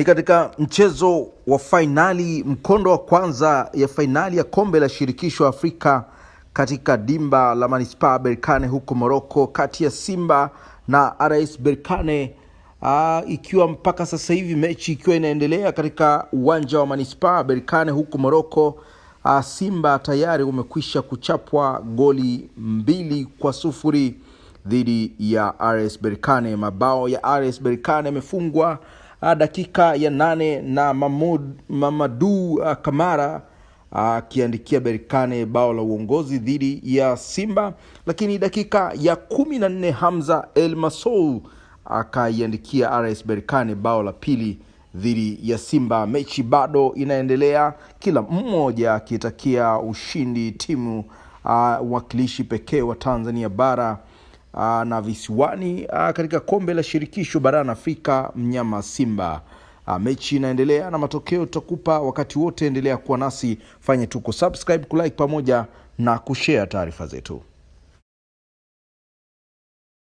Ni katika mchezo wa fainali mkondo wa kwanza ya fainali ya kombe la shirikisho Afrika katika dimba la manispaa Berkane huko moroko kati ya Simba na RS Berkane. uh, ikiwa mpaka sasa hivi mechi ikiwa inaendelea katika uwanja wa manispaa Berkane huko moroko uh, ah, Simba tayari umekwisha kuchapwa goli mbili kwa sufuri dhidi ya RS Berkane. Mabao ya RS Berkane yamefungwa Ah, dakika ya nane na Mahmud, Mamadu ah, Kamara ah, akiandikia berikane bao la uongozi dhidi ya Simba, lakini dakika ya kumi na nne Hamza El Masou akaiandikia RS berikane bao la pili dhidi ya Simba. Mechi bado inaendelea, kila mmoja akitakia ushindi timu uh, wakilishi pekee wa Tanzania bara Ah, na visiwani ah, katika kombe la shirikisho barani Afrika, mnyama Simba. Ah, mechi inaendelea na matokeo tutakupa wakati wote. Endelea kuwa nasi, fanye tuko subscribe, kulike pamoja na kushare taarifa zetu.